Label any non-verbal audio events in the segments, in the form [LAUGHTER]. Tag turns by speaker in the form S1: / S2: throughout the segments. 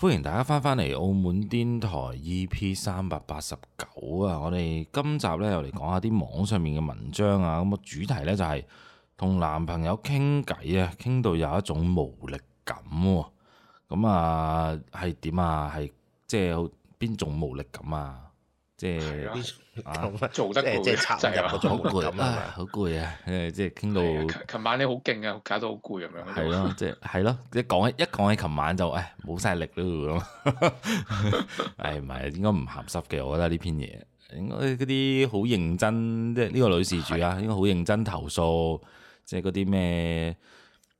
S1: 歡迎大家翻返嚟澳門癲台 EP 三百八十九啊！我哋今集咧又嚟講下啲網上面嘅文章啊，咁個主題咧就係、是、同男朋友傾偈啊，傾到有一種無力感喎、哦，咁啊係點啊？係即係邊種無力感啊？即係的、啊、
S2: 做得即係插就好攰啊，
S1: 好攰的 [LAUGHS] 啊，即係傾到。琴晚
S2: 你好勁啊，搞到好攰咁樣。係咯，
S1: 即係係咯，一講起一講起琴晚就誒冇晒力咯咁。誒唔係應該唔鹹濕嘅，我覺得呢篇嘢應該啲好認真，即係呢個女事主啦、啊，的應該好認真投訴，即係嗰啲咩？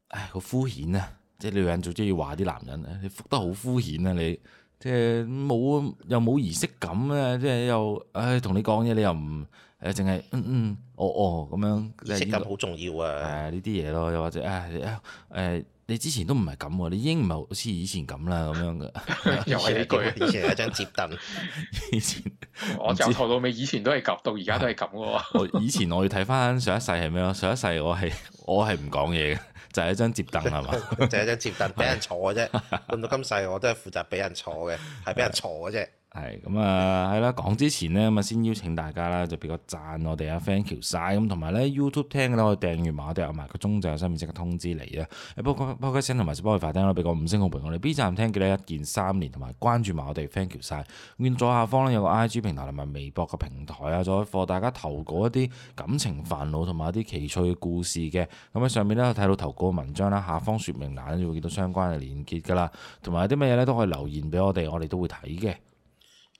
S1: 唉，好敷衍啊！即係女人最中意話啲男人咧，你覆得好敷衍啊你。即係冇，又冇儀式感咧，即係又，唉、哎，同你講嘢你又唔，誒，淨係，嗯嗯，哦哦，咁樣，儀式感好重要啊，誒呢啲嘢咯，又或者，唉、哎，誒、哎。你之前都唔係咁，你已經唔係好似以前咁啦，咁樣嘅。又係呢句， [LAUGHS] 以前係一
S2: 張折凳。 [LAUGHS]
S1: 以
S2: 前 [LAUGHS] 我由頭到尾，以前都係撳，到而家都係咁喎。
S1: [LAUGHS] 以前我要睇翻上一世係咩咯？上一世我係我係唔講嘢嘅，就係、是、一張折凳係嘛？ [LAUGHS] [LAUGHS] 就
S3: 係一張折凳俾人坐嘅啫。換到今世，我都係負責俾人坐嘅，係俾 [LAUGHS] 人坐嘅啫。
S1: 係咁啊，係啦、嗯。講之前呢，咁啊，先邀請大家啦，就俾個讚我哋啊，Thank you 晒。咁，同埋呢 YouTube 聽嘅咧，可以訂閱埋我哋，埋個鐘就喺上面即刻通知你啦。誒、啊，幫幫佢寫同埋幫佢快聽啦，俾個五星好評我哋。B 站聽，記得一鍵三連，同埋關注埋我哋 Thank you 晒。咁左下方咧有個 I G 平台同埋微博嘅平台啊，做一課大家投稿一啲感情煩惱同埋一啲奇趣嘅故事嘅。咁、啊、喺上面呢，睇到投稿文章啦，下方説明欄就會見到相關嘅連結噶啦，同埋有啲乜嘢咧都可以留言俾我哋，我哋都會睇嘅。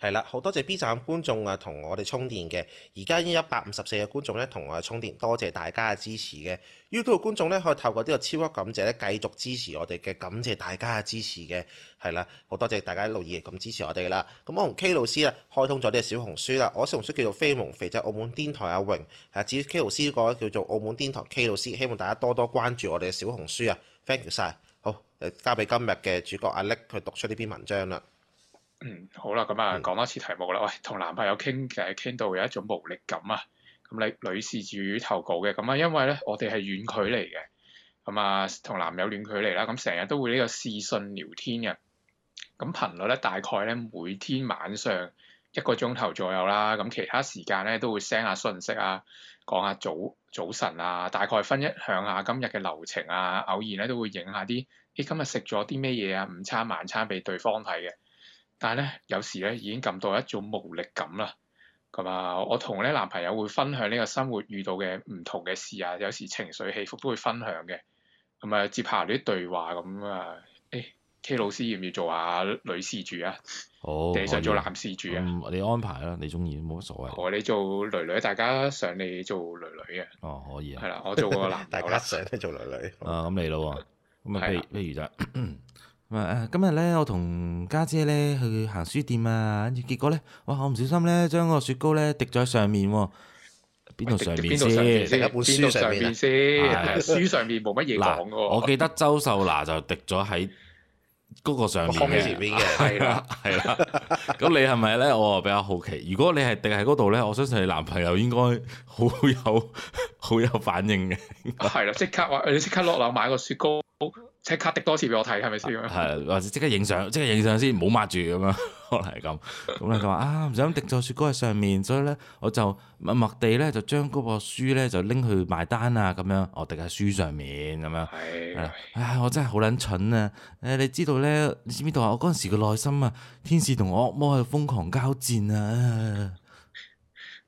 S3: 係啦，好多謝 B 站觀眾啊，同我哋充電嘅。而家已經一百五十四嘅觀眾咧，同我哋充電，多謝大家嘅支持嘅。YouTube 觀眾咧，可以透過呢個超級感謝咧，繼續支持我哋嘅，感謝大家嘅支持嘅。係啦，好多謝大家一路以嚟咁支持我哋啦。咁我同 K 老師啊，開通咗啲小紅書啦。我小紅書叫做飛夢肥仔，澳門癲台阿榮。係，至於 K 老師呢個叫做澳門癲台 K 老師，希望大家多多關注我哋嘅小紅書啊。Thank you 晒。好，誒交俾今日嘅主角阿叻，佢讀出呢篇文章啦。
S2: 嗯，好啦，咁、嗯、啊，講多次題目啦。喂，同男朋友傾偈傾到有一種無力感啊。咁你女事主投稿嘅咁啊，因為咧我哋係遠距離嘅咁啊，同男友遠距離啦。咁成日都會呢個視訊聊天嘅咁頻率咧，大概咧每天晚上一個鐘頭左右啦。咁其他時間咧都會 send 下信息啊，講下早早晨啊，大概分享下今日嘅流程啊。偶然咧都會影下啲咦今日食咗啲咩嘢啊，午餐晚餐俾對方睇嘅。但係咧，有時咧已經感到一種無力感啦。咁啊，我同咧男朋友會分享呢個生活遇到嘅唔同嘅事啊，有時情緒起伏都會分享嘅。咁啊，接下啲對話咁啊，誒、哎、K 老師要唔要做下女事主啊？
S1: 好，定係做男事主啊，啊、嗯？你安排啦，你中意，冇乜所謂。我
S2: 你做女女，大家想你做女女嘅、啊。哦，可以啊。係啦，我做個男， [LAUGHS] 大
S1: 家想都做女女。啊，咁你咯，咁啊，譬譬如就。 [LAUGHS] [COUGHS] 今日咧，我同家姐咧去行書店啊，跟住結果咧，哇！我唔小心咧，將個雪糕咧滴咗喺上面喎、啊，邊度上面先？一本書上面先、啊，書上面冇乜嘢講喎。我記得周秀娜就滴咗喺嗰個上面嘅前邊，係啦係啦。咁你係咪咧？我比較好奇，如果你係滴喺嗰度咧，我相信你男朋友應該好有好有反應嘅。係啦，即刻
S2: 話，你即刻落樓買個雪糕。即刻滴
S1: 多次俾我睇，係咪先？係，或者即刻影相，即刻影相先，唔好抹住咁啊！可能係咁，咁咧 [LAUGHS] 就話啊，唔想滴咗雪糕喺上面，所以咧我就默默地咧就將嗰個書咧就拎去埋單啊，咁樣我滴喺書上面咁樣。係。唉，我真係好撚蠢啊！唉、啊，你知道咧，你知唔知道啊？我嗰陣時個內心啊，天使同惡魔喺度瘋狂交戰啊！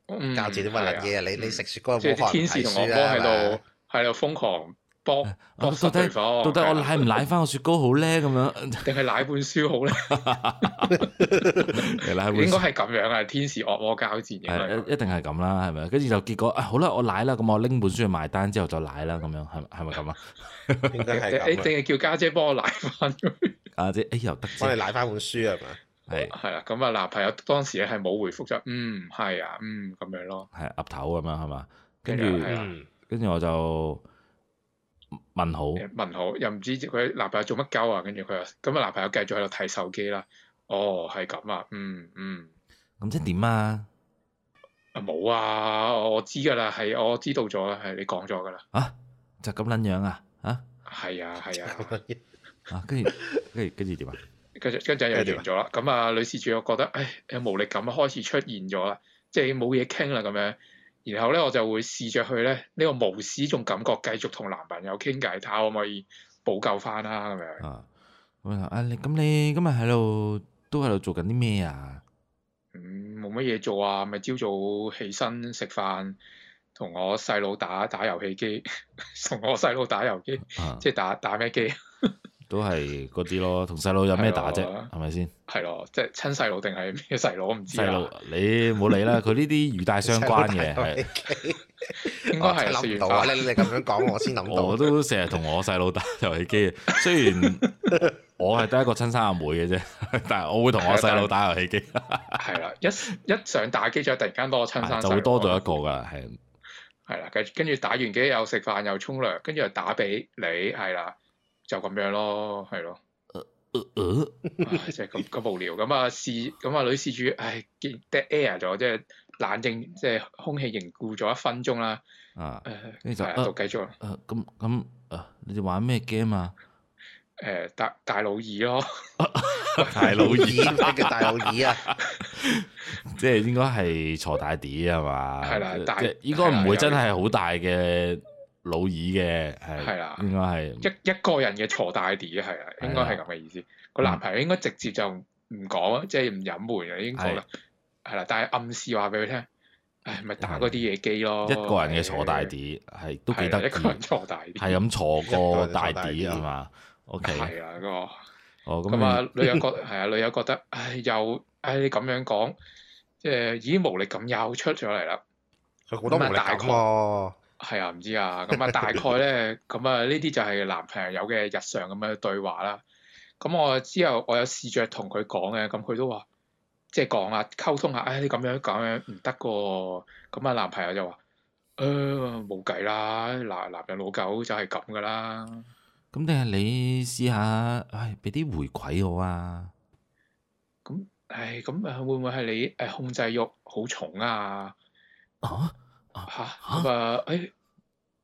S2: 交戰啲乜嘢嘢？嗯嗯、你你食雪糕看看、啊？天使同惡魔喺度喺度瘋狂。
S1: 博到底到底我奶唔奶翻個雪糕好咧？咁樣定係奶本書好咧？ [LAUGHS] [LAUGHS] [LAUGHS] 應該係
S2: 咁樣啊！天使惡魔交戰，係
S1: 一定係咁啦，係咪？跟住就結果，哎、好啦，我奶啦，咁我拎本書去埋單之後再奶啦，咁樣係係咪咁啊？定淨係叫家姐,姐
S2: 幫我奶翻，
S1: 阿 [LAUGHS] 姐,姐，哎又得，即係奶翻本
S2: 書係嘛？係係啦，咁 [LAUGHS] 是、嗯、啊男朋友當時係冇回覆就嗯係啊嗯咁樣咯，
S1: 係岌頭咁樣係嘛？跟住跟住我就。問好，
S2: 問好，又唔知佢男朋友做乜鳩啊？跟住佢話，咁啊男朋友繼續喺度睇手機啦。哦，係咁啊，嗯
S1: 嗯，咁即係點啊？
S2: 啊冇、嗯、啊，我知噶啦，係我知道咗啦，係你講咗噶啦。
S1: 啊，就咁捻樣啊？啊，
S2: 係啊係啊，
S1: 啊，跟住跟住跟住點啊？
S2: 跟住跟住又完咗啦。咁 [LAUGHS] 啊，女事主要覺得，唉，有無力感開始出現咗啦，即係冇嘢傾啦，咁樣。然後咧，我就會試着去咧呢個無視呢種感覺，繼續同男朋友傾偈，睇下可唔可以補救翻啦咁樣。
S1: 啊，阿力、啊，咁你今日喺度都喺度做緊啲咩啊？嗯，
S2: 冇乜嘢做啊，咪朝早起身食飯，同我細佬打打遊戲機，同 [LAUGHS] 我細佬打遊戲機，啊、即係打打咩機 [LAUGHS]
S1: 都係嗰啲咯，同細佬有咩打啫？係咪先？
S2: 係咯，即係親細佬定係咩細佬？我唔知啊。細佬，
S1: 你冇理啦。佢呢啲語帶相關嘅係。
S2: 我係諗唔到你咁樣
S1: 講，我先諗到。我都成日同我細佬打遊戲機，雖然我係得一個親生阿妹嘅啫，但係我會同我細佬打遊戲機。係啦，一一上打機，就突然間多個親生，就會多咗一個噶啦，係。
S2: 係啦，跟跟住打完機又食飯又沖涼，跟住又打俾你，係啦。就咁樣咯，係
S1: 咯，
S2: 就係咁咁無聊。咁啊，司咁啊，女事主，唉 dead air 咗，即係冷靜，即係空氣凝固咗一分鐘啦。呃、啊，你就繼續。誒、
S1: 呃，咁咁有，你哋玩咩 game 啊？
S2: 誒，大大佬二咯，大佬二，咩大佬二啊？
S1: 即係應該係鋤大 D 係嘛？係啦，大應該唔會真係好大嘅。老二嘅係，係啦，應該係
S2: 一一個人嘅鋤大 D，係啦，應該係咁嘅意思。個男朋友應該直接就唔講，即係唔隱瞞嘅，應該係啦。但係暗示話俾佢聽，唉，咪打嗰啲嘢機咯。一個人嘅鋤大 D，
S1: 係都記得一個人鋤大 D，係咁鋤個大 D 啊嘛。O K 係啊個，咁啊，女友覺
S2: 係啊，女友覺得唉又唉你咁樣講，即係已經無力感又出咗嚟啦。佢好多唔大係啊，唔知啊，咁、嗯、啊大概咧，咁啊呢啲就係男朋友嘅日常咁樣對話啦。咁、嗯、我之後我有試着同佢講嘅，咁、嗯、佢都話即係講啊，溝通下，唉、哎，你咁樣咁樣唔得噶。咁啊、嗯，男朋友就話，誒、呃，冇計啦，男男人老狗就係咁噶啦。
S1: 咁定係你試下，唉、哎，俾啲回饋我啊。
S2: 咁、嗯，唉、哎，咁、嗯、啊，會唔會係你誒控制欲好重啊？啊？吓！咁啊，誒，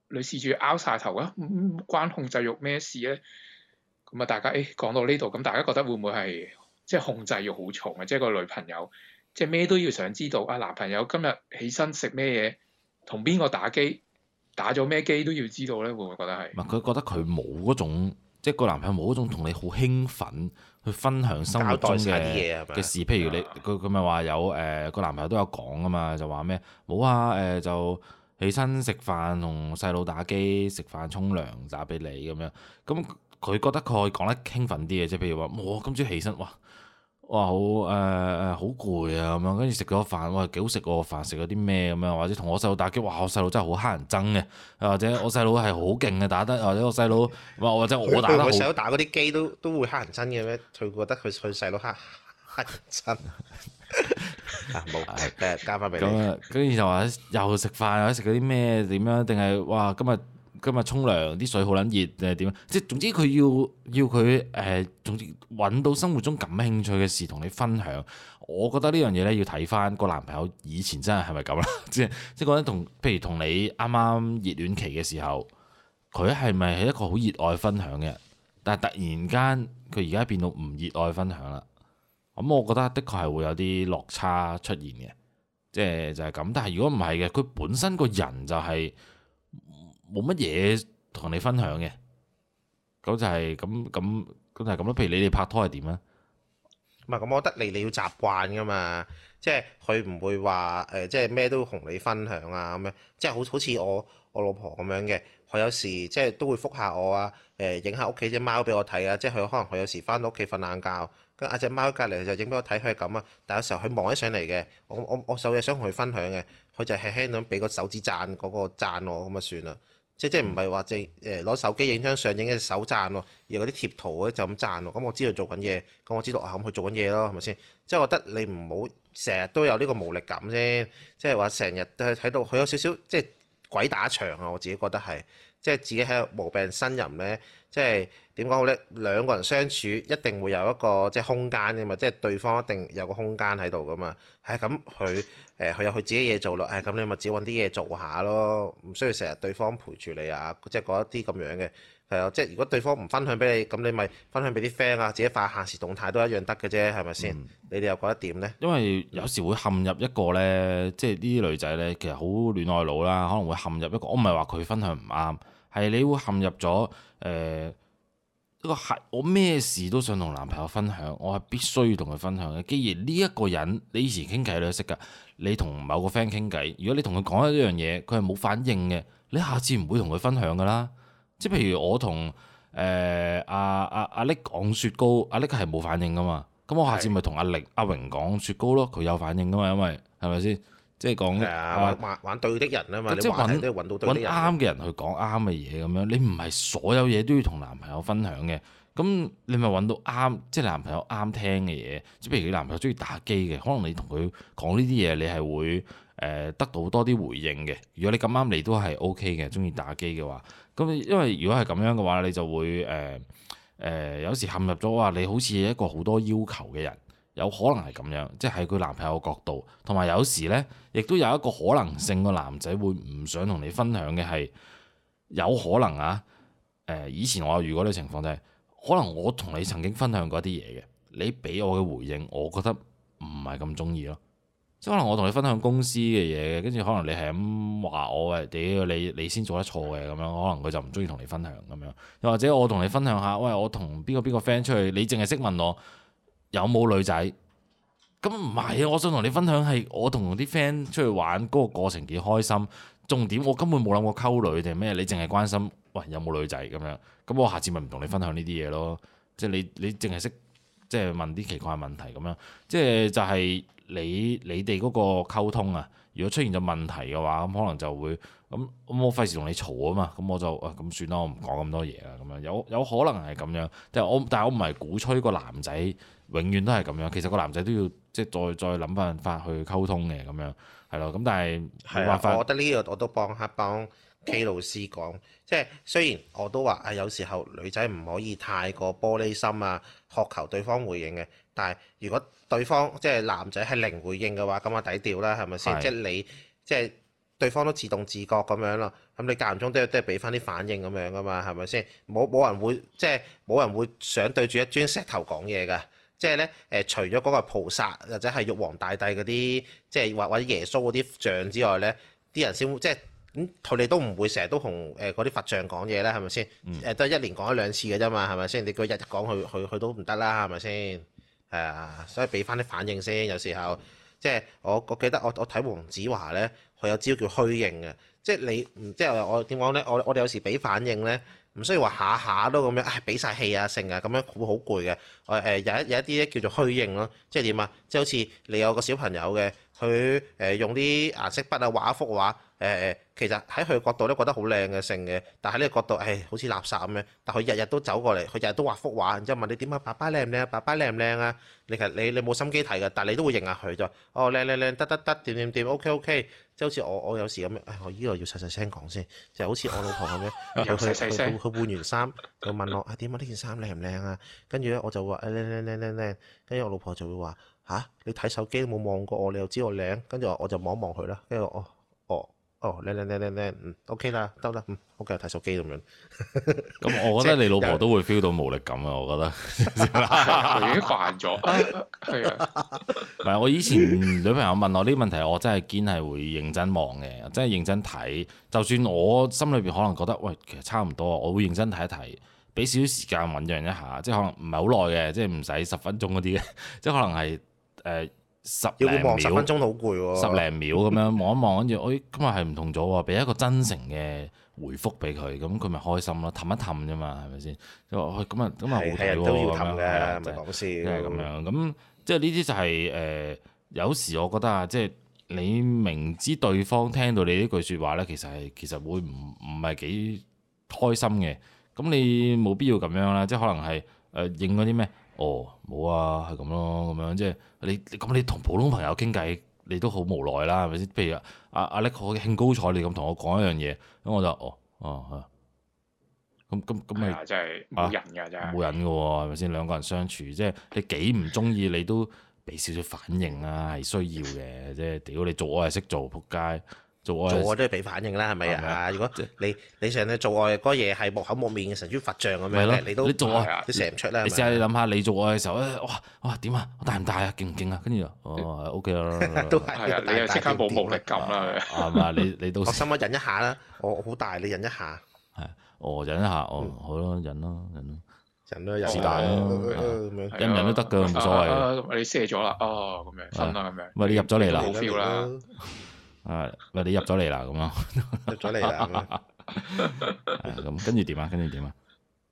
S2: 女事主拗晒頭啦，關控制欲咩事咧？咁啊，大家誒，講、哎、到呢度，咁大家覺得會唔會係即係控制欲好重啊？即係個女朋友，即係咩都要想知道啊，男朋友今日起身食咩嘢，同邊個打機，打咗咩機都要知道咧，會唔會覺得係？
S1: 唔係佢覺得佢冇嗰種。即係個男朋友冇一種同你好興奮去分享生活中嘅嘅事，譬如你佢佢咪話有誒個，呃，男朋友都有講啊嘛，就話咩冇啊誒就起身食飯同細佬打機，食飯沖涼打俾你咁樣，咁佢覺得佢可以講得興奮啲嘅，即係譬如話我今朝起身哇～我好誒誒好攰啊咁樣，跟住食咗飯，哇幾好食個飯，食咗啲咩咁樣，或者同我細佬打機，哇我細佬真係好乞人憎嘅，或者我細佬係好勁嘅打得，或者我細佬，哇或者我，細佬我打得細佬
S3: 打嗰啲機都都會乞人憎嘅咩？佢覺得佢佢細佬乞乞人憎、 [LAUGHS] [LAUGHS] 啊。冇，誒 [LAUGHS] [LAUGHS] 加翻俾你。咁啊、嗯，
S1: 跟住就話又食飯，又食嗰啲咩？點樣？定係哇今日？今日沖涼啲水好撚熱定係點？即係總之佢要要佢誒，總之揾、呃、到生活中感興趣嘅事同你分享。我覺得呢樣嘢咧要睇返個男朋友以前真係係咪咁啦？即係即係覺得同譬如同你啱啱熱戀期嘅時候，佢係咪係一個好熱愛分享嘅？但係突然間佢而家變到唔熱愛分享啦。咁我覺得的確係會有啲落差出現嘅，即係就係、是、咁。但係如果唔係嘅，佢本身個人就係、是。冇乜嘢同你分享嘅，咁就係咁咁咁就係咁咯。譬如你哋拍拖係點啊？
S3: 唔係咁，我覺得你你要習慣噶嘛，即係佢唔會話誒、呃，即係咩都同你分享啊咁樣。即係好好似我我老婆咁樣嘅，佢有時即係都會覆下我啊，誒、呃、影下屋企隻貓俾我睇啊。即係佢可能佢有時翻到屋企瞓晏覺，跟住阿隻貓隔籬就影俾我睇，佢係咁啊。但係有時候佢望起上嚟嘅，我我我有嘢想同佢分享嘅，佢就輕輕咁俾個手指讚嗰、嗰個讚我咁啊算啦。即即唔係話正誒攞手機影張相影隻手讚喎，而嗰啲貼圖就咁讚喎。咁我知道做緊嘢，咁我知道下咁去做緊嘢咯，係咪先？即我覺得你唔好成日都有呢個無力感啫。即係話成日都係睇到佢有少少即係鬼打牆啊！我自己覺得係，即係自己喺無病呻吟咧。即係點講好咧？兩個人相處一定會有一個即係空間嘅嘛，即係對方一定有一個空間喺度噶嘛。係、哎、咁，佢誒佢有佢自己嘢做咯。係、哎、咁，你咪自己揾啲嘢做下咯，唔需要成日對方陪住你啊。即係嗰一啲咁樣嘅係啊。即係如果對方唔分享俾你，咁你咪分享俾啲 friend 啊，自己發下限時動態都一樣得嘅啫，係咪先？嗯、你哋又覺得點咧？
S1: 因為有時會陷入一個咧，即係呢啲女仔咧，其實好戀愛腦啦，可能會陷入一個。我唔係話佢分享唔啱。係你會陷入咗誒、呃、一個係我咩事都想同男朋友分享，我係必須要同佢分享嘅。既然呢一個人你以前傾偈你都識㗎，你同某個 friend 傾偈，如果你同佢講一樣嘢，佢係冇反應嘅，你下次唔會同佢分享㗎啦。即係譬如我同誒阿阿阿力講雪糕，阿力係冇反應㗎嘛，咁、嗯、我下次咪同阿力阿榮講雪糕咯，佢有反應㗎嘛，因為係咪先？是。即係講玩
S3: 玩對的人啊嘛，你揾揾啱
S1: 嘅人去講啱嘅嘢咁樣，你唔係所有嘢都要同男朋友分享嘅。咁你咪揾到啱，即係男朋友啱聽嘅嘢。即係譬如你男朋友中意打機嘅，可能你同佢講呢啲嘢，你係會誒得到多啲回應嘅。如果你咁啱你都係 OK 嘅，中意打機嘅話，咁你因為如果係咁樣嘅話，你就會誒誒有時陷入咗話你好似一個好多要求嘅人。有可能係咁樣，即係佢男朋友嘅角度，同埋有，有時呢，亦都有一個可能性，個男仔會唔想同你分享嘅係有可能啊。以前我遇過嘅情況就係、是，可能我同你曾經分享過一啲嘢嘅，你俾我嘅回應，我覺得唔係咁中意咯。即可能我同你分享公司嘅嘢嘅，跟住可能你係咁話我誒屌你，你先做得錯嘅咁樣，可能佢就唔中意同你分享咁樣。又或者我同你分享下，喂，我同邊個邊個 friend 出去，你淨係識問我。有冇女仔？咁唔係啊！我想同你分享係我同啲 friend 出去玩嗰個過程幾開心。重點，我根本冇諗過溝女定咩，你淨係關心，喂，有冇女仔咁樣。咁我下次咪唔同你分享呢啲嘢咯。即係你你淨係識即係問啲奇怪問題咁樣。即係就係你你哋嗰個溝通啊。如果出現咗問題嘅話，咁可能就會咁我費事同你嘈啊嘛。咁我就啊咁算啦，我唔講咁多嘢啦。咁樣有有可能係咁樣。但係我但係我唔係鼓吹個男仔。永遠都係咁樣，其實個男仔都要即係再再諗辦法去溝通嘅咁樣係咯。咁但係，我覺得
S3: 呢個我都幫下幫 K 老師講，即係雖然我都話啊，有時候女仔唔可以太過玻璃心啊，渴求對方回應嘅。但係如果對方即係男仔係零回應嘅話，咁啊抵調啦，係咪先？即係你即係對方都自動自覺咁樣咯。咁你間唔中都要都俾翻啲反應咁樣噶嘛，係咪先？冇冇人會即係冇人會想對住一磚石頭講嘢㗎。即係咧，誒除咗嗰個菩薩或者係玉皇大帝嗰啲，即係或或者耶穌嗰啲像之外咧，啲人先即係咁，佢哋都唔會成日都同誒嗰啲佛像講嘢啦，係咪先？誒、嗯、都係一年講一兩次嘅啫嘛，係咪先？你叫佢日日講佢佢佢都唔得啦，係咪先？係啊，所以俾翻啲反應先，有時候即係我我記得我我睇黃子華咧，佢有招叫虛應嘅，即係你唔即係我點講咧？我我哋有時俾反應咧。唔需要話下下都咁樣，唉，俾晒氣啊、剩啊咁樣，會好攰嘅。我誒，有一有一啲咧叫做虛認咯，即係點啊？即係好似你有個小朋友嘅，佢誒用啲顏色筆啊畫一幅畫。誒，其實喺佢角度咧，覺得好靚嘅剩嘅，但喺呢個角度，係、哎、好似垃圾咁樣。但佢日日都走過嚟，佢日日都畫幅畫，然之後問你點啊？爸爸靚唔靚？爸爸靚唔靚啊？你其實你你冇心機睇嘅，但你都會認下佢、哦、就哦靚靚靚得得得點點點 ok ok，即係好似我我有時咁誒、哎，我依度要細細聲講先，就是、好似我老婆咁樣，佢佢 [LAUGHS] 換完衫，佢問我啊點、哎、啊？呢件衫靚唔靚啊？跟住咧我就話靚靚靚靚靚，跟、哎、住我老婆就會話吓、啊？你睇手機都冇望過我，你又知我靚？跟住我我就望一望佢啦，跟住我，我。哦，你你你你你，嗯，OK 啦，得啦，嗯，OK，睇手機咁樣。
S1: 咁我覺得你老婆都會 feel 到無力感啊，我覺得。
S2: 已經慣咗，係啊。
S1: 唔係，我以前女朋友問我呢個問題，我真係堅係會認真望嘅，真係認真睇。就算我心裏邊可能覺得喂，其實差唔多，我會認真睇一睇，俾少少時間醞釀一下，即係可能唔係好耐嘅，即係唔使十分鐘嗰啲嘅，即係可能係誒。呃十零秒，要十分鐘好攰喎。十零秒咁樣望一望，跟住、 [LAUGHS] 哎，哎，今日係唔同咗喎，俾一個真誠嘅回覆俾佢，咁佢咪開心咯，氹一氹啫嘛，係咪先？就咁啊，咁啊，好睇喎。係係都要氹嘅，唔講笑。即係咁樣，咁即係呢啲就係誒，有時我覺得啊，即係你明知對方聽到你呢句説話咧，其實係其實會唔唔係幾開心嘅。咁你冇必要咁樣啦，即係可能係誒應嗰啲咩？呃哦，冇啊，係咁咯，咁樣即係你，咁你同普通朋友傾偈，你都好無奈啦，係咪先？譬如阿阿叻，好興高采烈咁同我講一樣嘢，咁我就哦，哦，咁咁咁咪真係冇人㗎，真係冇人嘅喎，係咪先？兩個人相處，即係你幾唔中意，你都俾少少反應啊，係需要嘅。即係屌你做，我係識做，仆街。做愛都係
S3: 俾反應啦，係咪啊？如果你你成日做愛嗰嘢係木口木面嘅神豬佛像咁樣，你都你做愛你射唔出啦。你試下你
S1: 諗下，你做愛嘅時候，哇哇點啊？我大唔大啊？勁唔勁啊？跟住哦，OK 啦，都係啊，又即刻
S3: 無無力感啦。係咪啊？你你到時我先忍一下啦，我好大，你忍一下。
S1: 係，哦忍一下，哦好咯，忍咯，忍咯，忍咯，又是大咯，咁樣忍忍都得噶，冇所謂。
S2: 你射咗啦，哦咁樣，信啦咁樣。喂，你入咗嚟啦，好 feel 啦。
S1: [NOISE] 啊，咪你入咗嚟啦，咁樣，入咗嚟啦，咁跟住點啊？跟住點啊？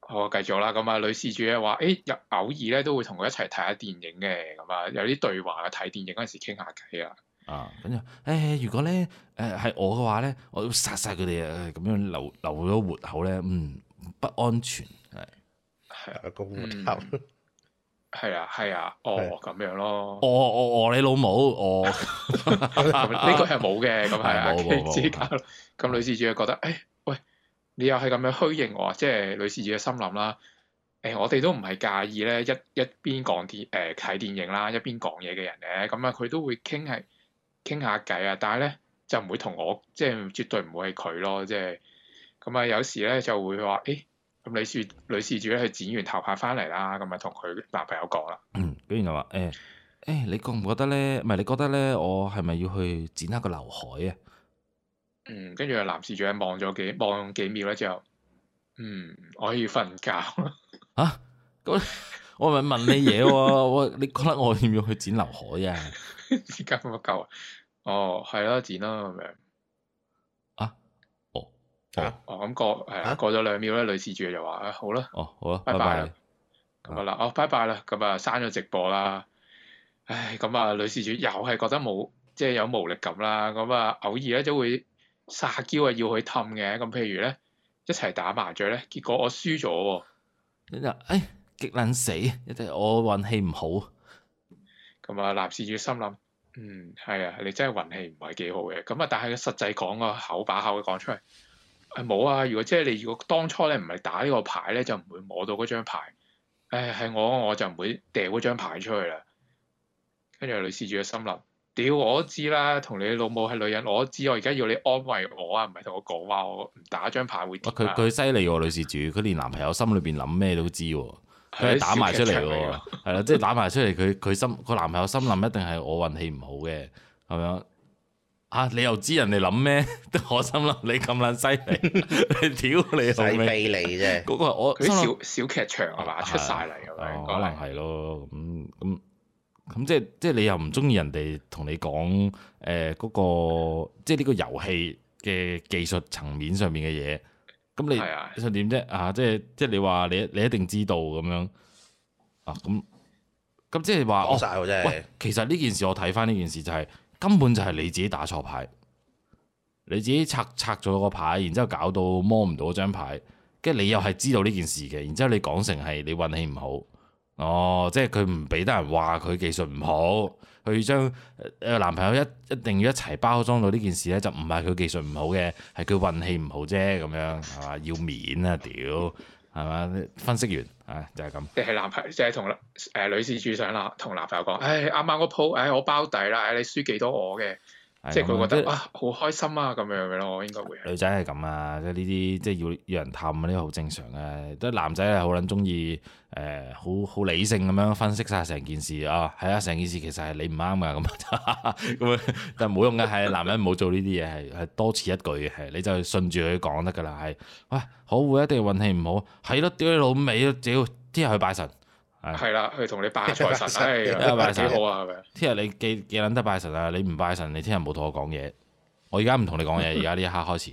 S2: 好，繼續啦。咁啊，女事主咧話，誒，有偶爾咧都會同佢一齊睇下電影嘅，咁啊有啲對話啊，睇電影嗰陣時傾下偈啊。
S1: 啊，跟住誒，如果咧誒係我嘅話咧，我都殺晒佢哋啊，咁樣留留咗活口咧，嗯，不安全係係啊，個活口。
S2: 係啊，係啊，哦咁、啊、樣咯，
S1: 哦哦哦，你老母，哦，呢 [LAUGHS] [LAUGHS] 個係冇嘅，咁係 [LAUGHS] 啊。
S2: 咁下女事主就覺得，誒、哎，喂，你又係咁樣虛應我即係、就是、女事主嘅心諗啦，誒、哎，我哋都唔係介意咧，一一邊講電誒睇、呃、電影啦，一邊講嘢嘅人嘅，咁啊，佢都會傾係傾下偈啊，但係咧就唔會同我，即、就、係、是、絕對唔會係佢咯，即係咁啊，有時咧就會話，誒、哎。咁女事女事主咧去剪完頭髮翻嚟啦，咁啊同佢男朋友講啦。嗯，
S1: 跟住就話誒誒，你覺唔覺得咧？唔係你覺，覺得咧？我係咪要去剪下個劉海啊？嗯，
S2: 跟住啊，男事主望咗幾望幾秒咧之後，嗯，我要瞓覺。啊？咁我咪問你嘢喎，
S1: 我你覺得我要唔要去剪劉海啊？而
S2: 家瞓個覺。哦，係囉，剪啦咁樣。嗯哦，咁過係啦，過咗兩秒咧，啊、女事主就話啊，好啦，哦好啦、
S1: 啊哦，拜拜
S2: 咁啊啦，哦拜拜啦，咁啊刪咗直播啦。唉，咁、嗯、啊、呃，女事主又係覺得冇，即係有無力感啦。咁、嗯、啊，偶爾咧就會撒嬌啊，要去氹嘅。咁、嗯、譬如咧一齊打麻雀咧，結果我
S1: 輸咗，你就誒極撚死，你我運氣唔好。咁啊，男事主心諗，嗯
S2: 係啊、嗯，你真係運氣唔係幾好嘅。咁、嗯、啊，但係實際講個口把口講出嚟。係冇啊！如果即係你如果當初咧唔係打呢個牌咧，就唔會摸到嗰張牌。唉，係我我就唔會掉嗰張牌出去啦。跟住女事主嘅心諗，屌我都知啦，同你老母係女人，我都知。我而家要你安慰我啊，唔係同我講話我唔打張牌會點啊？佢佢犀
S1: 利喎，女事主，佢連男朋友心裏邊諗咩都知喎，佢打埋出嚟喎，係啦，即係的、 [LAUGHS] 就是、打埋出嚟。佢佢心個男朋友心諗一定係我運氣唔好嘅，係咪啊。啊！你又知人哋諗咩？ [LAUGHS] 都開心啦！你咁撚犀利，你屌你做咩？嗰 [LAUGHS] 個我啲小小劇場係嘛、啊、出晒嚟，喔、可能係咯。咁咁咁即係即係你又唔中意人哋同你講誒嗰個對即係呢個遊戲嘅技術層面上面嘅嘢。咁你你想點啫？啊！即係即係你話你你一定知道咁樣啊？咁、啊、咁、嗯嗯、即係話，我真係其實呢件事我睇翻呢件事就係。根本就係你自己打錯牌，你自己拆拆咗個牌，然之後搞到摸唔到張牌，跟住你又係知道呢件事嘅，然之後你講成係你運氣唔好，哦，即係佢唔俾得人話佢技術唔好，佢將誒男朋友一一定要一齊包裝到呢件事咧，就唔係佢技術唔好嘅，係佢運氣唔好啫，咁樣係咪？要面啊屌！係嘛？分析完啊、哎，就係、是、咁。
S2: 即係男朋，即、就、係、是、同誒、呃、女事主上啦，同男朋友講：唉，啱啱個鋪，唉，我包底啦，唉，你輸幾多我嘅。
S1: 即
S2: 係佢覺得
S1: 是啊，好開心啊，咁樣咯，應該會。女仔係咁啊，即係呢啲即係要要人氹啊，呢個好正常嘅。即係男仔係好撚中意誒，好好理性咁樣分析晒成件事啊。係啊，成件事其實係你唔啱㗎，咁 [LAUGHS] [LAUGHS] 啊，咁但係冇用㗎，係男人冇做呢啲嘢係係多此一舉嘅，係你就順住佢講得㗎啦，係。喂，好，會一定運氣唔好，係咯，屌你老味咯，屌，聽日去拜神。係啦，
S2: 去同你拜財神，拜神好
S1: 啊？係咪？聽日你記記諗得拜神啊？你唔拜神，你聽日冇同我講嘢。我而家唔同你講嘢，而家呢一刻開始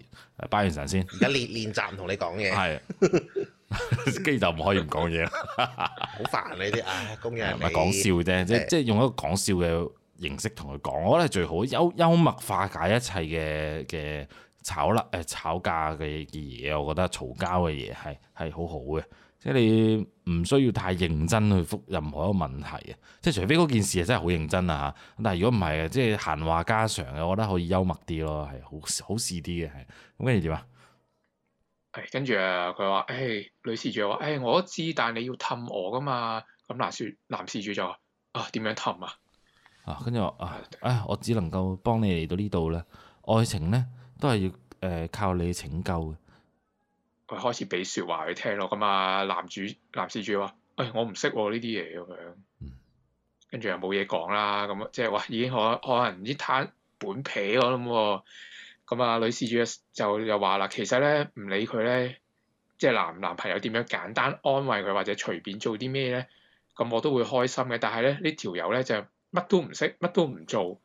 S1: 拜完神先。而家練練習唔同你講嘢，係， [LAUGHS] 跟住就唔可以唔講嘢，好煩呢啲啊！工人唔係講笑啫，即即係用一個講笑嘅形式同佢講，我覺得係最好，幽幽默化解一切嘅嘅吵啦誒吵架嘅嘢，我覺得嘈交嘅嘢係係好好嘅。即係你唔需要太認真去覆任何一個問題啊！即係除非嗰件事啊真係好認真啊嚇，但係如果唔係啊，即係閒話家常嘅，我覺得可以幽默啲咯，係好好試啲嘅，係咁跟住點啊？
S2: 誒，跟住啊，佢話誒，女事主話誒、哎，我都知，但係你要氹我噶嘛？咁男説男事主就話啊，點樣氹啊？
S1: 啊，跟住我啊，啊、哎，我只能夠幫你嚟到呢度咧，愛情咧都係要誒、呃、靠你拯救嘅。
S2: 佢開始俾説話佢聽咯，咁啊，男主男事主話，誒、哎，我唔識呢啲嘢咁樣，跟住又冇嘢講啦，咁即係話，已經可可能唔知攤本皮我咁咁啊，那個、女事主、主就又話啦，其實咧，唔理佢咧，即、就、係、是、男男朋友點樣簡單安慰佢，或者隨便做啲咩咧，咁我都會開心嘅。但係咧，這個、呢條友咧就乜都唔識，乜都唔做。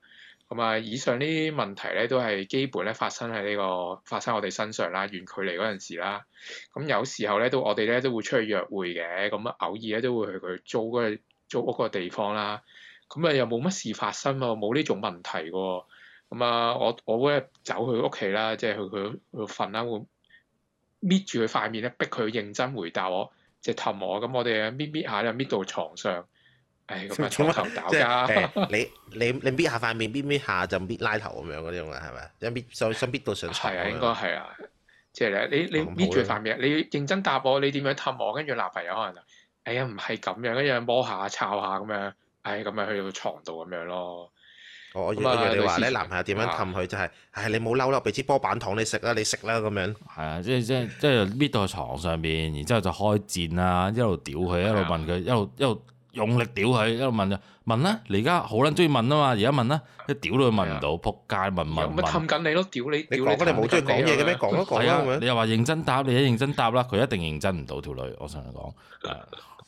S2: 咁啊，以上呢啲問題咧都係基本咧發生喺呢個發生我哋身上啦，遠距離嗰陣時啦。咁有時候咧都我哋咧都會出去約會嘅，咁啊偶爾咧都會去佢租嗰租嗰個地方啦。咁啊又冇乜事發生喎，冇呢種問題喎。咁啊我我咧走去屋企啦，即係去佢佢瞓啦，會搣住佢塊面咧逼佢認真回答我，即係氹我。咁我哋啊搣搣下咧搣到床上。誒，咁啊，沖頭搞即係、哎、
S3: 你你你搣下塊面，搣搣下就搣拉頭咁樣嗰種啊，係咪？即係搣
S2: 想想搣到上床。係啊，應該係啊。即、就、係、是、你你你搣住塊面，你認真答我，你點樣氹我？跟住男朋友可能，就：「哎呀唔係咁樣，跟住摸一下、抄下咁樣，哎咁樣去到床度咁樣咯。我我如果你話咧，呃、你男朋友點樣氹
S3: 佢就係、是，係、哎哎、你冇嬲啦，俾支波板糖你食啦，你食啦咁樣。
S1: 係啊，即係即係即係搣到個床上邊，然之後就開戰啊，一路屌佢，一路問佢，一路一路。用力屌佢一路問啊，問啦！你而家好撚中意問啊嘛，而家問啦，一屌都問唔到，撲的街問問問，咪氹緊你咯，
S2: 屌你！屌你覺得你冇中意講嘢嘅咩？講一講啦，
S1: 你又話認真答，你咧認真答啦，佢 [LAUGHS] 一定認真唔到條女。我上次講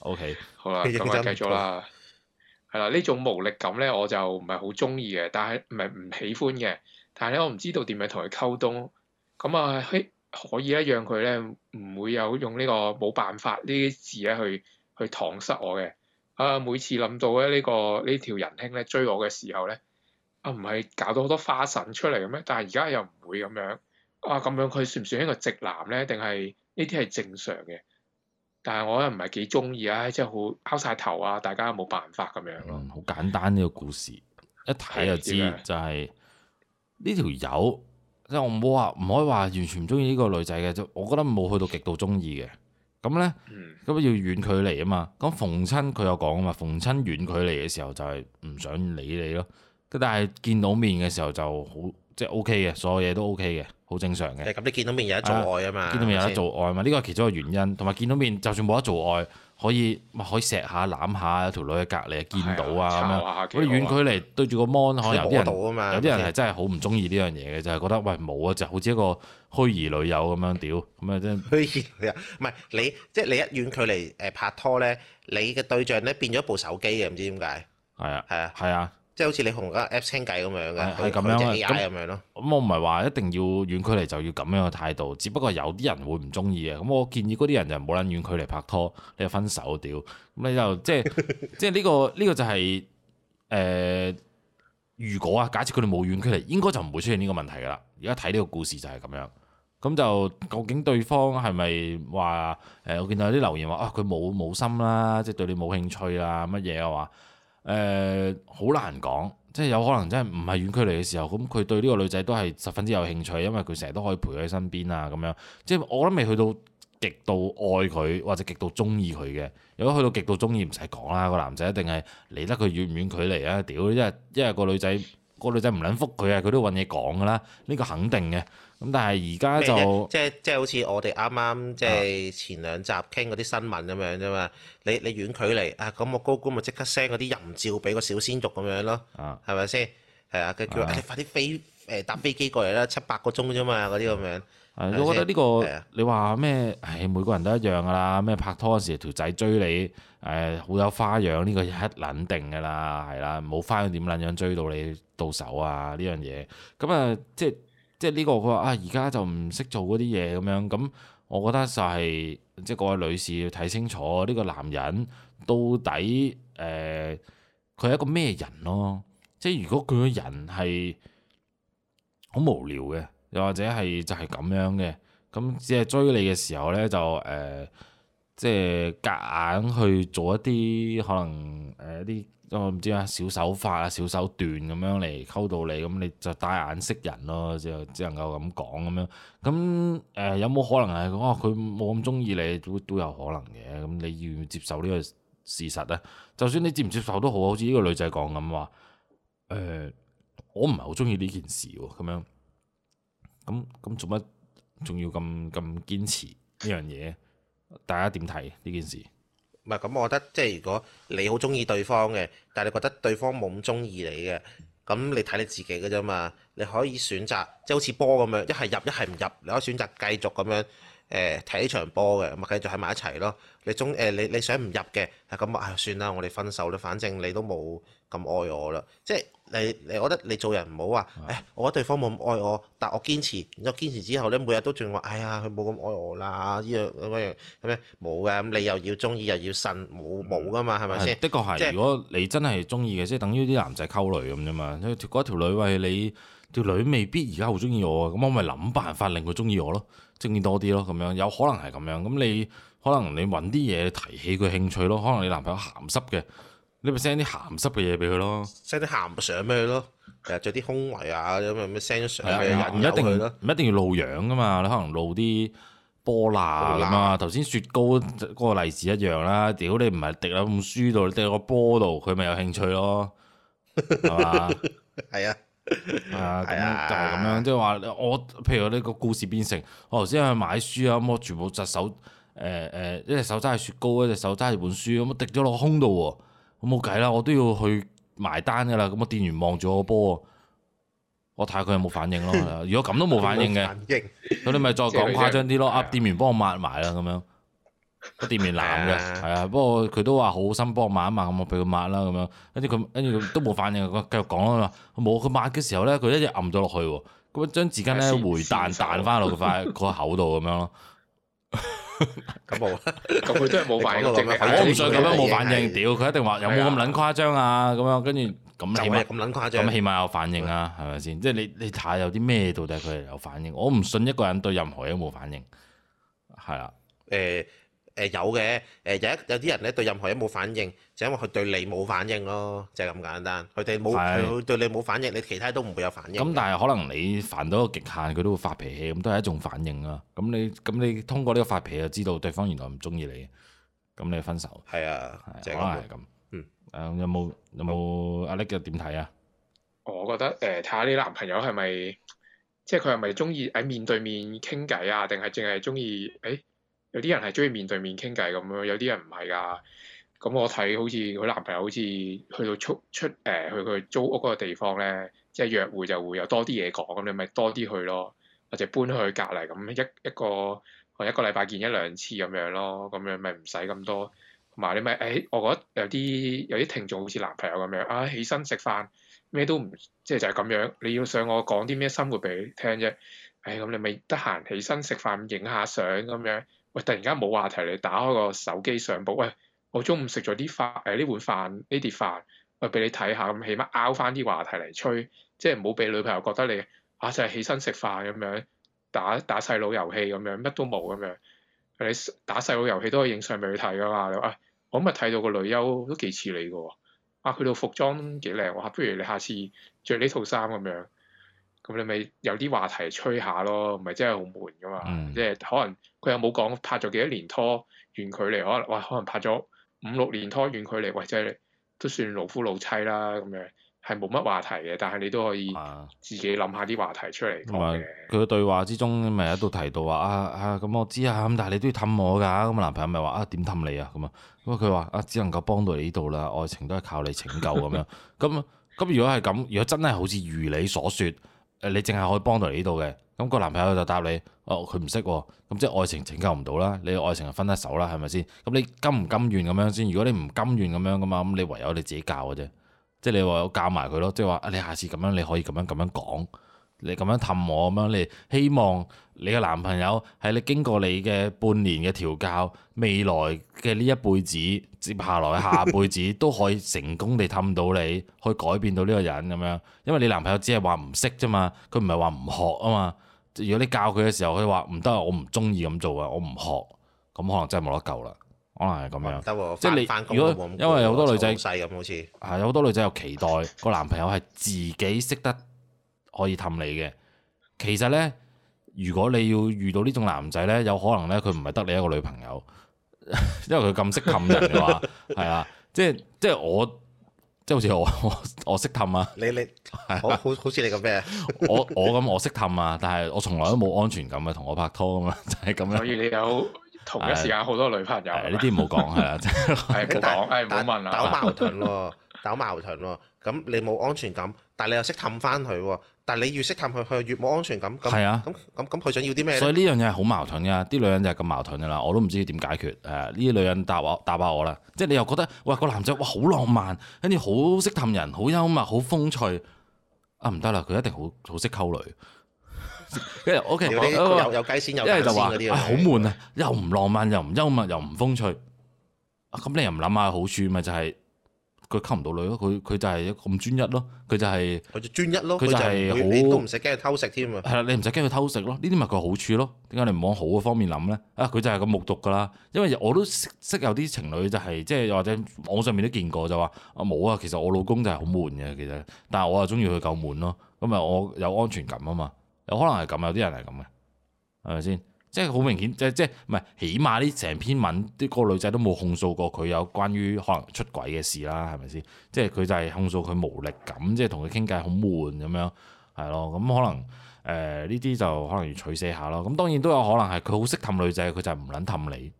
S1: ，OK 好啦了，咁咪繼續啦，
S2: 係啦、嗯。呢種無力感咧，我就唔係好中意嘅，但係唔係唔喜歡嘅。但係咧，我唔知道點樣同佢溝通咁啊？我可以咧，讓佢咧唔會有用呢個冇辦法呢啲字咧去去搪塞我嘅。這個、啊！每次諗到咧呢個呢條人兄咧追我嘅時候咧，啊唔係搞到好多花神出嚟嘅咩？但係而家又唔會咁樣。啊咁樣佢算唔算一個直男咧？定係呢啲係正常嘅？但係我又唔係幾鍾意啊！即係好敲晒頭啊！大家有冇辦法咁樣？嗯，
S1: 好簡單呢、這個故事，一睇就知的就係呢條友即係我冇話唔可以話完全唔鍾意呢個女仔嘅，就我覺得冇去到極度鍾意嘅。咁咧，咁、嗯、要遠距離啊嘛。咁逢親佢有講啊嘛，逢親遠距離嘅時候就係唔想理你咯。但係見到面嘅時候就好，即係 OK 嘅，所有嘢都 OK 嘅，好正常嘅。
S3: 咁你見到面有得做愛啊嘛，見到面有得做
S1: 愛嘛，呢個係其中一個原因。同埋、嗯、見到面就算冇得做愛。可以，咪可以錫下攬下，有條女喺隔離見到啊咁、哎、呦樣。我樣遠距離對住個 mon，可能有啲人有啲人係真係好唔中意呢樣嘢嘅，就係覺得喂冇啊，就好似一個虛擬女友咁樣屌咁啊真。就是、虛擬女友唔係你，即、就、係、
S3: 是、你一遠距離誒拍拖咧，你嘅對象咧變咗部手機嘅，唔知點解。
S1: 係啊！係啊！係啊！
S3: 即係好似你同架 app 傾偈咁樣嘅，佢只 AI 咁樣
S1: 咯。咁我唔係話一定要遠距離就要咁樣嘅態度，只不過有啲人會唔中意嘅。咁我建議嗰啲人就冇諗遠距離拍拖，你就分手屌。咁你就即係 [LAUGHS] 即係、這、呢個呢、這個就係、是、誒、呃，如果啊，假設佢哋冇遠距離，應該就唔會出現呢個問題噶啦。而家睇呢個故事就係咁樣。咁就究竟對方係咪話誒？我見到有啲留言話啊，佢冇冇心啦，即、就、係、是、對你冇興趣啊乜嘢啊話。誒，好、呃、難講，即係有可能真係唔係遠距離嘅時候，咁佢對呢個女仔都係十分之有興趣，因為佢成日都可以陪佢喺身邊啊，咁樣，即係我覺得未去到極度愛佢或者極度中意佢嘅。如果去到極度中意，唔使講啦，個男仔一定係離得佢遠唔遠距離啊？屌，因為因為個女仔、個女仔唔撚覆佢啊，佢都揾嘢講㗎啦，呢、呢個肯定嘅。咁但係而家就即係即
S3: 係好似我哋啱啱即係前兩集傾嗰啲新聞咁樣啫嘛，啊、你你遠距離啊，咁個高官咪即刻 send 嗰啲淫照俾個小鮮肉咁樣咯，係咪先？係啊，佢叫你快啲飛誒搭飛機過嚟啦，七八個鐘啫嘛，嗰啲咁樣。吧我覺得呢、呢個
S1: 你話咩？唉、哎，每個人都一樣噶啦，咩拍拖時條仔追你誒、哎，好有花樣，呢、呢個一撚定噶啦，係啦，冇花樣點撚樣追到你到手啊？呢樣嘢咁啊，即係。即係、這、呢個佢話啊，而家就唔識做嗰啲嘢咁樣，咁我覺得就係、是、即係各位女士要睇清楚呢、這個男人到底誒佢係一個咩人咯、啊。即係如果佢個人係好無聊嘅，又或者係就係咁樣嘅，咁只係追你嘅時候咧就誒、呃，即係夾硬去做一啲可能誒啲。我唔知啊，小手法啊，小手段咁樣嚟溝到你，咁你就帶眼識人咯，就只能夠咁講咁樣。咁誒、呃、有冇可能係講佢冇咁中意你，都都有可能嘅。咁你要唔要接受呢個事實啊？就算你接唔接受都好，好似呢個女仔講咁話誒，我唔係好中意呢件事喎。咁樣咁咁做乜仲要咁咁堅持呢樣嘢？大家點睇呢件事？
S3: 唔係咁，我覺得即係如果你好中意對方嘅，但係你覺得對方冇咁中意你嘅，咁你睇你自己㗎啫嘛。你可以選擇即係好似波咁樣，一係入，一係唔入。你可以選擇繼續咁樣。誒睇、呃、場波嘅，咪啊繼續喺埋一齊咯。你中誒、呃、你你想唔入嘅，係咁啊算啦，我哋分手啦，反正你都冇咁愛我啦。即係你你，我覺得你做人唔好話，誒、哎、我覺得對方冇咁愛我，但我堅持，然之後堅持之後咧，每日都仲話，哎呀佢冇咁愛我啦，呢樣嗰樣咁樣冇嘅。咁你又要中意又要信，冇冇噶嘛，係咪先？的確係，即係、如
S1: 果你真係中意嘅，即係等於啲男仔溝女咁啫嘛。條嗰條女喂你。條女未必而家好中意我，咁我咪諗辦法令佢中意我咯，中意多啲咯，咁樣有可能係咁樣。咁你可能你揾啲嘢提起佢興趣咯，可能你男朋友鹹濕嘅，你咪 send 啲鹹濕嘅嘢俾佢咯
S3: ，send 啲鹹相俾佢咯，着啲胸圍啊，咁樣 send 咗相俾唔、嗯、有一定
S1: 唔一定要露樣噶嘛，你可能露啲波啦咁啊，頭先納雪糕嗰個例子一樣啦，屌你唔係滴喺咁書度，你滴個波度，佢咪有興趣咯，係嘛 [LAUGHS] 吧？係 [LAUGHS] 啊。 [LAUGHS] 啊，咁就係咁樣，即係話我，譬如我呢個故事變成，我頭先去買書啊，咁、嗯、我全部執手，誒、呃、誒、呃，一隻手揸住雪糕，一隻手揸住本書，咁我跌咗落個胸度喎，咁冇計啦，我都要去埋單噶啦，咁個店員望住我波，我睇下佢有冇反應咯， [LAUGHS] 如果咁都冇反應嘅，咁你咪再講誇張啲咯，啊，店員幫我抹埋啦，咁樣。個店面男嘅係啊，不過佢都話好心幫我抹一抹，咁我俾佢抹啦咁樣，跟住佢跟住都冇反應，咁繼續講啦嘛。冇佢抹嘅時候咧，佢一直按咗落去，咁樣將紙巾咧回彈彈翻落塊個口度咁樣咯。咁好
S2: 咁佢真係冇反應，我唔信咁樣冇反應。
S1: 屌，佢一定話有冇咁撚誇張啊？咁樣跟住咁起碼咁撚誇張，起碼有反應啊？係咪先？即係你你睇有啲咩到底佢係有反應？我唔信一個人對任何嘢冇反應。係啦，誒、欸。誒
S3: 有嘅，誒有一有啲人咧對任何嘢冇反應，就是、因為佢對你冇反應咯，就係、是、咁簡單。佢哋冇佢對你冇反應，你其他都唔會有反應。
S1: 咁但係可能你煩到極限，佢都會發脾氣，咁都係一種反應啦。咁你咁你通過呢個發脾氣，就知道對方原來唔中意你，咁你分手。係啊的，就係咁。的樣，嗯。誒、嗯、有冇有冇好阿叻嘅點睇啊？
S2: 我覺得誒睇下你男朋友係咪，即係佢係咪中意喺面對面傾偈啊？定係淨係中意誒？欸有啲人係鍾意面對面傾偈咁樣，有啲人唔係噶。咁我睇好似佢男朋友，好似去到出出誒、呃、去佢租屋嗰個地方咧，即係約會就會有多啲嘢講，咁你咪多啲去咯。或者搬去隔離咁，一一個一個禮拜見一兩次咁樣咯，咁樣咪唔使咁多。同埋你咪誒、哎，我覺得有啲有啲聽眾好似男朋友咁樣啊，起身食飯咩都唔，即係就係、是、咁樣。你要想我講啲咩生活俾你聽啫？誒、哎、咁你咪得閒起身食飯影下相咁樣。突然間冇話題，你打開個手機相簿，喂，我中午食咗啲飯，誒呢碗飯呢碟飯，我俾你睇下，咁起碼拗翻啲話題嚟吹，即係唔好俾女朋友覺得你啊就係、是、起身食飯咁樣，打打細佬遊戲咁樣，乜都冇咁樣，你打細佬遊戲都可以影相俾佢睇噶嘛，你、啊、話我咁咪睇到個女優都幾似你㗎，啊佢套服裝幾靚喎，不如你下次着呢套衫咁樣。咁你咪有啲話題吹下咯，咪真係好悶噶嘛？嗯、即係可能佢又冇講拍咗幾多年拖，遠距離可能，哇，可能拍咗五六年拖，遠距離，或、哎、者、就是、都算老夫老妻啦，咁樣係冇乜話題嘅。但係你都可以自己諗下啲話題出嚟。
S1: 咁啊，佢嘅對話之中咪一度提到話啊啊，咁、啊嗯、我知啊，咁但係你都要氹我㗎。咁啊，男朋友咪話啊，點氹你啊？咁啊，咁佢話啊，只能夠幫到你呢度啦，愛情都係靠你拯救咁樣。咁咁 [LAUGHS] 如果係咁，如果真係好似如你所說。誒，你淨係可以幫到你呢度嘅，咁個男朋友就答你，哦，佢唔識，咁即係愛情拯救唔到啦，你嘅愛情係分得手啦，係咪先？咁你甘唔甘願咁樣先？如果你唔甘願咁樣噶嘛，咁你唯有你自己教嘅啫，即係你話我教埋佢咯，即係話啊，你下次咁樣你可以咁樣咁樣講。你咁樣氹我，咁樣，你希望你嘅男朋友喺你經過你嘅半年嘅調教，未來嘅呢一輩子，接下來下輩子都可以成功地氹到你，去改變到呢個人咁樣。因為你男朋友只係話唔識啫嘛，佢唔係話唔學啊嘛。如果你教佢嘅時候，佢話唔得，我唔中意咁做啊，我唔學，咁可能真係冇得救啦。可能係咁樣，得即係你。如果因為有好多女仔咁好，有好多女仔又期待，個男朋友係自己識得。可以氹你嘅，其實咧，如果你要遇到呢種男仔咧，有可能咧佢唔係得你一個女朋友，因為佢咁識氹人嘅話，係啊，即係即係我即係好似我我我識氹啊！你好好你好好好似你咁咩我我咁我識氹啊，但係我從來都冇安全感嘅，同我拍拖咁嘛。就係、係、咁樣。所以
S2: 你有同一時間好多女朋
S1: 友？呢啲唔好講係啦，唔好講，唔
S2: 好問啦。糾矛盾咯，糾矛盾咯，
S3: 咁你冇安全感，但係你又識氹返佢喎。但係你越識氹佢，佢越冇安全感。係啊，咁咁咁，佢想要啲咩？所以呢
S1: 樣嘢係好矛盾㗎，啲女人就係咁矛盾㗎啦。我都唔知點解決。誒、呃，呢啲女人答我答下我啦，即係你又覺得哇個、呃、男仔哇好浪漫，跟住好識氹人，好幽默，好風趣。啊唔得啦，佢一定好好識溝女。因為 O K 嗰啲又又雞先、呃，又雞先嗰啲啊，好悶啊，又唔浪漫，又唔幽默，又唔風趣。咁、啊，你又唔諗下好處咪就係、是？佢吸唔到女咯，佢佢就係咁專一咯，佢就係、是、佢就專一咯，佢就係好都唔使
S3: 驚佢偷食添啊，係啦，
S1: 你唔使驚佢偷食咯。呢啲咪佢好處咯？點解你唔往好嘅方面諗咧？啊，佢就係咁木獨噶啦。因為我都識識有啲情侶就係即係或者網上面都見過就話啊冇啊，其實我老公就係好悶嘅其實，但係我又中意佢夠悶咯。咁啊，我有安全感啊嘛。有可能係咁，有啲人係咁嘅，係咪先？即係好明顯，即即唔係，起碼呢成篇文啲、呢個女仔都冇控訴過佢有關於可能出軌嘅事啦，係咪先？即係佢就係控訴佢無力感，即係同佢傾偈好悶咁樣，係咯。咁、嗯、可能誒呢啲就可能要取捨下咯。咁、嗯、當然都有可能係佢好識氹女仔，佢就唔撚氹你，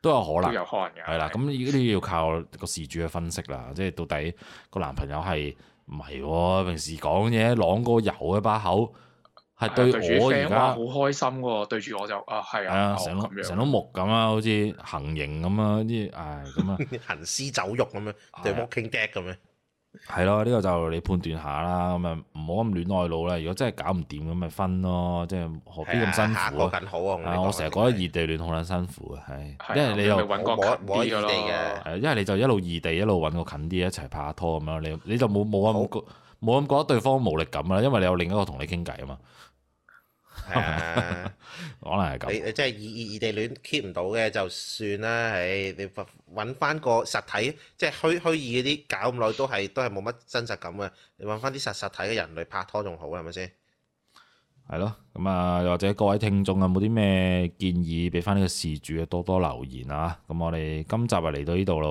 S1: 都有可能，都有可能嘅。係啦的，咁呢啲要靠個事主去分析啦。即係到底個男朋友係唔係平時講嘢朗過油一把口？係對我而家
S2: 好開心喎，對住我就啊，係啊，成碌成碌木
S1: 咁啊，好似行刑咁啊，啲唉咁啊，
S2: 行屍走肉咁樣，對 walking dead 咁樣，
S1: 係咯，呢個就你判斷下啦，咁啊唔好咁戀愛腦啦。如果真係搞唔掂咁咪分咯，即係何必咁辛苦啊？下個近好啊！啊，我成日覺得異地戀好撚辛苦啊，唉，因為你又揾個近啲嘅，係啊，因為你就一路異地一路揾個近啲一齊拍下拖咁樣，你你就冇冇咁冇咁覺得對方無力感啦，因為你有另一個同你傾偈啊嘛。係啊， [LAUGHS] 可能係咁。你
S3: 你真係異異異地戀 keep 唔到嘅就算啦，唉，你揾翻個實體，即係虛虛擬嗰啲搞咁耐都係都係冇乜真實感嘅。你揾翻啲實實體嘅人嚟拍拖仲好，係咪先？
S1: 係咯， [LAUGHS] 咁啊，或者各位聽眾有冇啲咩建議俾翻呢個事主啊，多多留言啊。咁我哋今集啊嚟到呢度啦，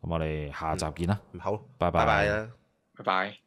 S1: 咁我哋下集見啦，嗯。好，拜拜，拜
S2: 拜。